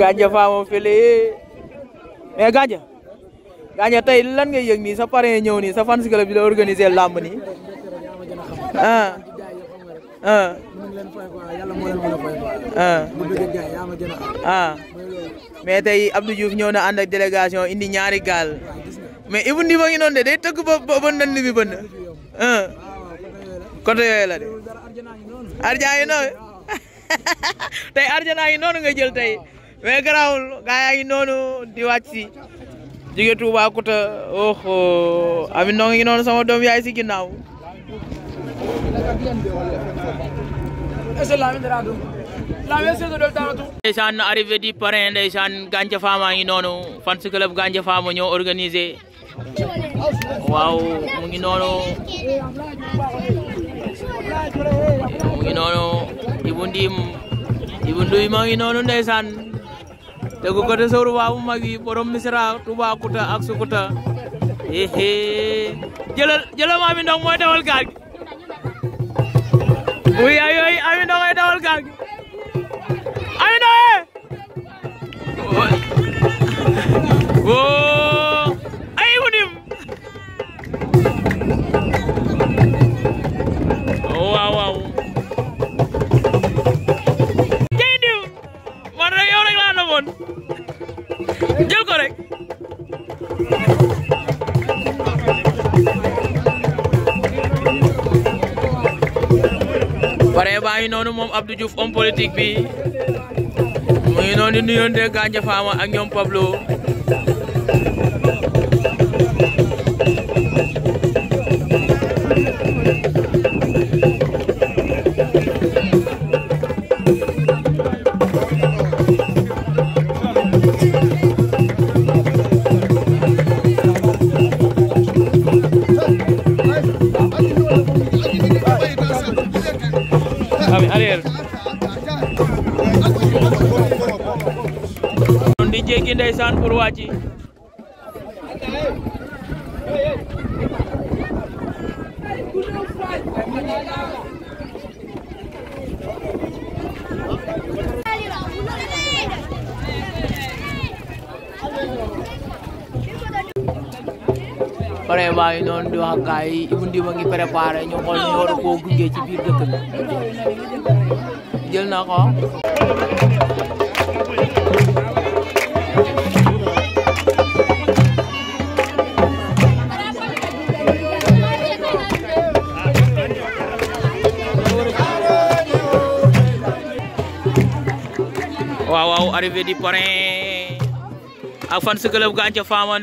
Gandia Fama fële mais Gandia Gandia tey lan ngay yëg nii sa parrain ñëw nii sa fans club bi la organiser làmb nii ah ah ah, ah. mais ñëw na ànd ak indi ñaari gaal mais Ibou Ndi ba ngi noonu de day tëgg ba ba ba nan bi bënn ah. de arjaa yi tay arjana yi noonu nga jël tey mais garawul gaa yi noonu di wàcc oho oh. ami noo ngi sama doom yaay eh, si ginnaaw ndeysaan arrivé di parrain esan Gandia Fama ngi noonu fans club ganja Fama ñoo organisé waaw mu Ibou Ndim Ibou Nduy maa noonu ndeysaan tegu ko te sooru baa bu mag yi borom Misira Toubacouta ak Sukuta jëlal jëlal maa mi ndox mooy dawal gaal gi amoon jël ko rek pare baa ngi noonu moom Abdou Diouf homme politique bi mu ngi noonu di nuyoon de Gandia Fama Pablo ngi jéggi ndeysaan pour wàcc baa ngi noonu di wax gars yi ñu xool ñu war koo biir dëkk bi na ko waaw waaw arrivé di parrain ak fan si club Gandia Fama